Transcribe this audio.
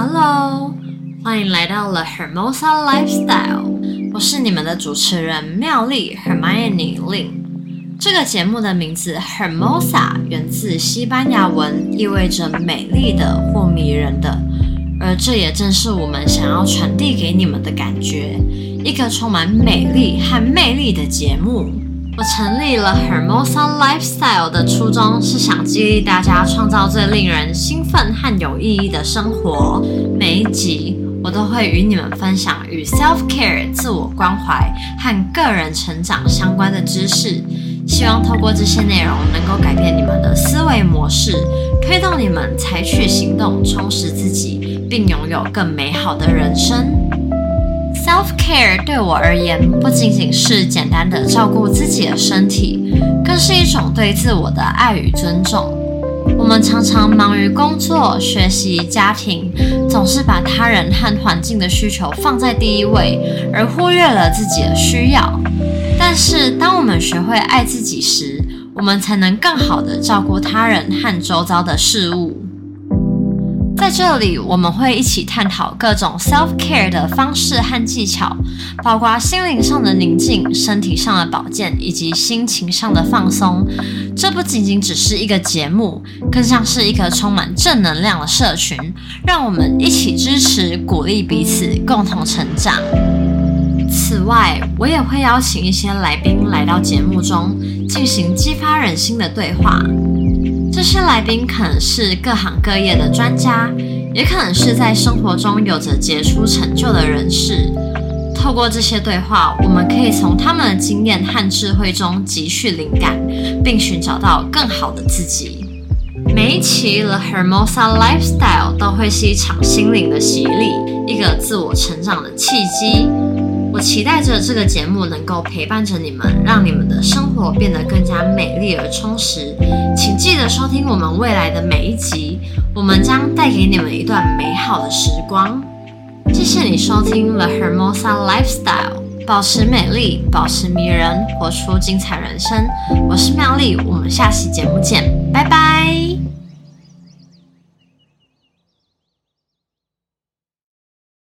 哈嘍，Hello, 歡迎來到了 Hermosa Lifestyle，我是你們的主持人妙麗 Hermione Ling。這個節目的名字 Hermosa 源自西班牙文，意味着美麗的或迷人的，而這也正是我們想要傳遞給你們的感覺，一個充滿美麗和魅力的節目。我成立了 Hermosa Lifestyle 的初衷是想激勵大家創造最令人興奮和有意義的生活。每一集，我都會與你們分享與 self-care 自我關懷和個人成長相關的知識，希望透過這些內容，能夠改變你們的思維模式，推動你們採取行動，充實自己，並擁有更美好的人生。對我而言，不僅僅是簡單的照顧自己的身體，更是一種對自我的愛與尊重。我們常常忙於工作、學習、家庭，總是把他人和環境的需求放在第一位，而忽略了自己的需要。但是，當我們學會愛自己時，我們才能更好的照顧他人和周遭的事物。在這裡，我們會一起探討各種 Self-care 的方式和技巧，包括心靈上的寧靜、身體上的保健以及心情上的放鬆。這不僅僅只是一個節目，更像是一個充滿正能量的社群，讓我們一起支持、鼓勵彼此，共同成長。此外，我也會邀請一些來賓來到節目中，進行激發人心的對話。這些來賓可能是各行各業的專家，也可能是，在生活中有着傑出成就的人士。透過這些對話，我們可以從他們的經驗和智慧中汲取靈感，並尋找到更好的自己。每一期《The Hermosa Lifestyle》都會是一場心靈的洗禮，一個自我成長的契機。期待着這個節目能夠陪伴着你們，讓你們的生活變得更加美麗而充實。請記得收聽我們未來的每一集，我們將帶給你們一段美好的時光。謝謝你收聽《The Hermosa Lifestyle》，保持美麗，保持迷人，活出精彩人生。我是妙麗，我們下期節目見，拜拜。